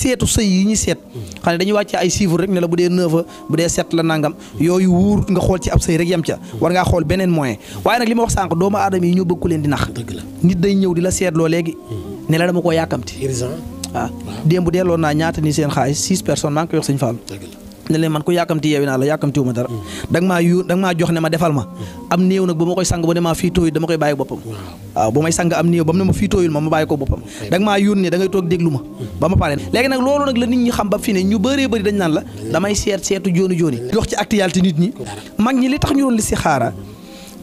seetu sëy yi ñu seet xam ne dañuy wàccee ay chiffres rek ne la bu dee neuf bu dee sept la nangam yooyu wuur nga xool ci ab sëy rek yem ca war ngaa xool beneen moyen waaye nag li ma wax sànq doomu aadama yi ñoo bëgg ku leen di nax nit day ñëw di la seetloo léegi ne la dama koo yàkkamti waaw ah, démb delloo naa ñaata ni seen xaalis six personnes maa ngi koy wax sëñ Fall ne man ko yàkkamti yeewi naa la yàkkamtiwu ma dara da nga maa yu da nga maa jox ne ma defal ma am néew nag bu ma koy sang bu ne maa fii tooyul dama koy bàyyi boppam waaw bu may sang am néew ba mu ne ma fii tooyul ma ma bàyyi ko boppam da maa yónnee da ngay toog déglu ma ba ma pare léegi nag loolu nag la nit ñi xam ba fii ne ñu bëree bëri dañ naan la damay seet seetu jooni jooni dox ci actualité nit ñi mag ñi li tax ñu doon li si xaara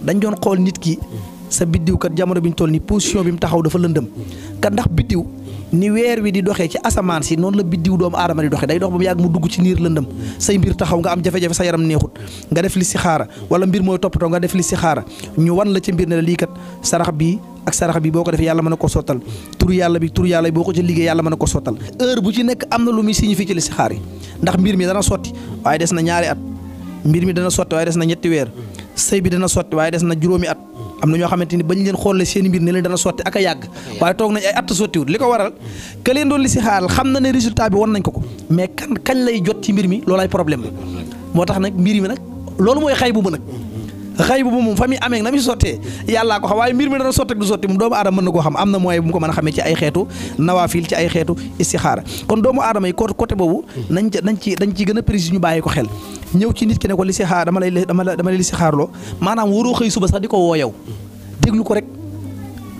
dañ doon xool nit ki mm. sa biddiw kat jamono bi ñu toll ni position bi mu taxaw dafa lëndëm mm. kat ndax biddiw ni weer wi di doxee ci asamaan si noonu la biddiw doomu aadama di doxe day dox ba mu yàgg mu dugg ci niir lëndëm say mbir taxaw nga am jafe-jafe sa yaram neexut nga def li si xaara wala mbir mooy toppatoo nga def li si xaara ñu wan la ci mbir ne la lii kat sarax bi ak sarax bi boo ko defee yàlla mën a ko sottal tur yàlla bi tur yàlla boo ko ci liggéey yàlla mën a ko sottal heure bu ci nekk am na lu muy signifie ci li si xaar yi ndax mbir mi dana sotti waaye des na ñaari at mbir mi dana sotti waaye des na ñetti weer sëy bi dana sotti waaye des na juróomi at am na ñoo xamante ni bañ leen xoolee seen mbir ne leen dana sotti ak a yàgg waaye toog nañ ay at sottiwut li ko waral que si xaaral xam na ne résultat bi won nañ ko ko mais kan kañ lay jot ci mbir mi loolay problème la moo tax nag mbir mi nag loolu mooy xay bu ma nag xay bu moom fa muy amee na muy sottee yàllaa ko xam waaye mbir mi dana sotti du sotti moom doomu aadama mën na koo xam am na mooy bu mu ko mën a xamee ci ay xeetu nawaafil ci ay xeetu istixaara kon doomu aadama yi côté boobu nañ ca nañ ci dañ ci gën bàyyi ko xel ñëw ci nit ki ne ko li sixaar dama lay dama lay li sixaarloo maanaam waroo xëy suba sax di ko woo yow déglu ko rek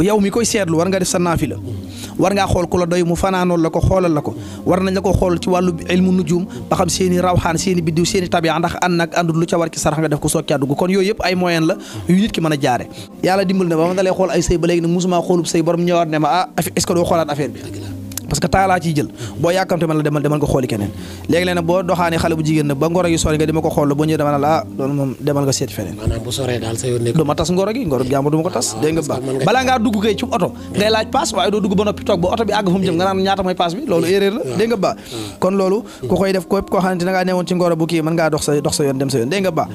yow mi koy seetlu war nga def sa naafi la war ngaa xool ku la doy mu fanaanool la ko xoolal la ko war nañ la ko xool ci wàllu ilmu nujum ba xam seen i rawxaan seen i biddiw seen i tabia ndax ànd nag àndul lu ca war ci sarax nga def ko soog caa dugg kon yooyu yëpp ay moyen la yu nit ki mën a jaare yàlla dimbal na ba ma dalee xool ay sëy ba léegi nag musuma xoolub sëy borom ñëwaat ne ma ah est-ce doo xoolaat affaire bi parce que taalaa ciy jël boo yàkkamte man la demal demal nga xooli keneen léegi leen boo doxaanee xale bu jigéen ba ngoro gi nga ah, demal nga seeti feneen du tas ngoro gi ngoro gi ko tas ah, dégg nga balaa ngaa dugg kay ci oto ah. ngay laaj paas waaye doo dugg ba noppi toog ba oto bi àgg fu jëm nga naan ñaata paas bi loolu erreur la dégg nga kon loolu ku koy def képp koo ngaa newoon ci ngoro bu kii mën ngaa dox sa dox